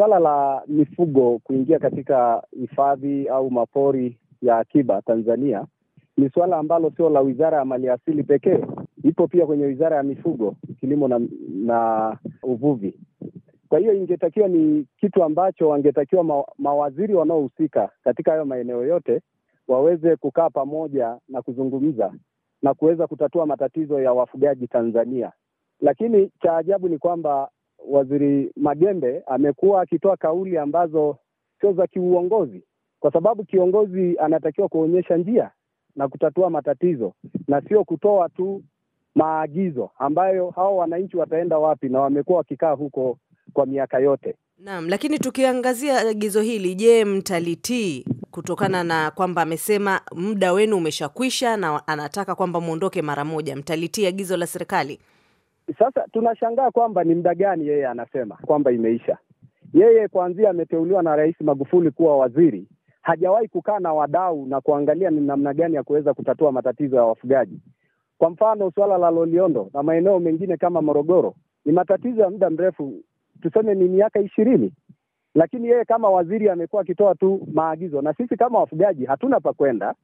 Suala la mifugo kuingia katika hifadhi au mapori ya akiba Tanzania ni suala ambalo sio la Wizara ya Maliasili pekee, ipo pia kwenye Wizara ya Mifugo, Kilimo na, na Uvuvi. Kwa hiyo ingetakiwa ni kitu ambacho wangetakiwa ma, mawaziri wanaohusika katika hayo maeneo yote waweze kukaa pamoja na kuzungumza na kuweza kutatua matatizo ya wafugaji Tanzania. Lakini cha ajabu ni kwamba Waziri Magembe amekuwa akitoa kauli ambazo sio za kiuongozi, kwa sababu kiongozi anatakiwa kuonyesha njia na kutatua matatizo na sio kutoa tu maagizo ambayo hao wananchi wataenda wapi, na wamekuwa wakikaa huko kwa miaka yote. Naam, lakini tukiangazia agizo hili, je, mtalitii? Kutokana na kwamba amesema muda wenu umeshakwisha na anataka kwamba mwondoke mara moja, mtalitii agizo la serikali? Sasa tunashangaa kwamba ni muda gani yeye anasema kwamba imeisha. Yeye kwanzia ameteuliwa na Rais Magufuli kuwa waziri, hajawahi kukaa na wadau na kuangalia ni namna gani ya kuweza kutatua matatizo ya wafugaji. Kwa mfano suala la Loliondo na maeneo mengine kama Morogoro ni matatizo ya muda mrefu, tuseme ni miaka ishirini, lakini yeye kama waziri amekuwa akitoa tu maagizo, na sisi kama wafugaji hatuna pa kwenda.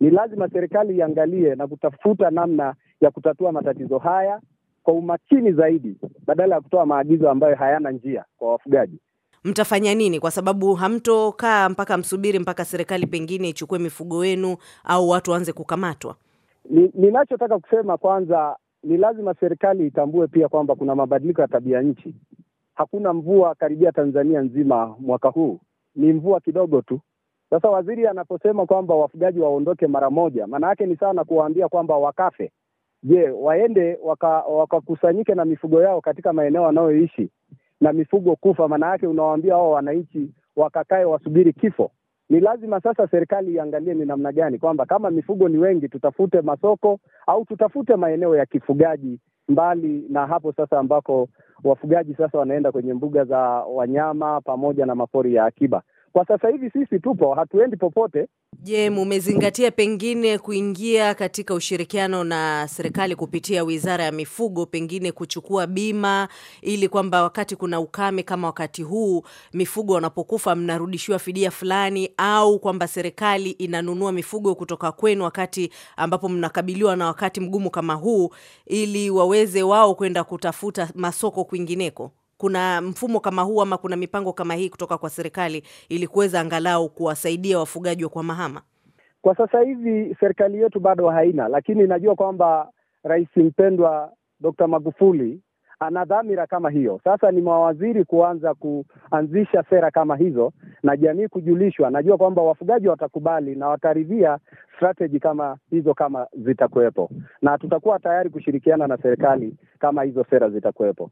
Ni lazima serikali iangalie na kutafuta namna ya kutatua matatizo haya kwa umakini zaidi badala ya kutoa maagizo ambayo hayana njia kwa wafugaji. Mtafanya nini? Kwa sababu hamtokaa mpaka msubiri mpaka serikali pengine ichukue mifugo yenu au watu waanze kukamatwa. Ninachotaka ni kusema kwanza, ni lazima serikali itambue pia kwamba kuna mabadiliko ya tabia nchi. Hakuna mvua karibia Tanzania nzima mwaka huu, ni mvua kidogo tu. Sasa waziri anaposema kwamba wafugaji waondoke mara moja, maana yake ni sana kuwaambia kwamba wakafe. Je, waende wakakusanyike waka na mifugo yao katika maeneo wanayoishi na mifugo kufa? Maana yake unawaambia hao wananchi wakakae wasubiri kifo. Ni lazima sasa serikali iangalie ni namna gani kwamba kama mifugo ni wengi, tutafute masoko au tutafute maeneo ya kifugaji mbali na hapo sasa, ambako wafugaji sasa wanaenda kwenye mbuga za wanyama pamoja na mapori ya akiba. Kwa sasa hivi sisi tupo hatuendi popote, Je, mumezingatia pengine kuingia katika ushirikiano na serikali kupitia Wizara ya Mifugo, pengine kuchukua bima ili kwamba wakati kuna ukame kama wakati huu, mifugo wanapokufa mnarudishiwa fidia fulani, au kwamba serikali inanunua mifugo kutoka kwenu wakati ambapo mnakabiliwa na wakati mgumu kama huu, ili waweze wao kwenda kutafuta masoko kwingineko? kuna mfumo kama huu ama kuna mipango kama hii kutoka kwa serikali ili kuweza angalau kuwasaidia wafugaji wa kuhamahama? Kwa sasa hivi serikali yetu bado haina, lakini najua kwamba Rais mpendwa Dr. Magufuli ana dhamira kama hiyo. Sasa ni mawaziri kuanza kuanzisha sera kama hizo na jamii kujulishwa. Najua kwamba wafugaji watakubali na wataridhia strategy kama hizo kama zitakuwepo, na tutakuwa tayari kushirikiana na serikali kama hizo sera zitakuwepo.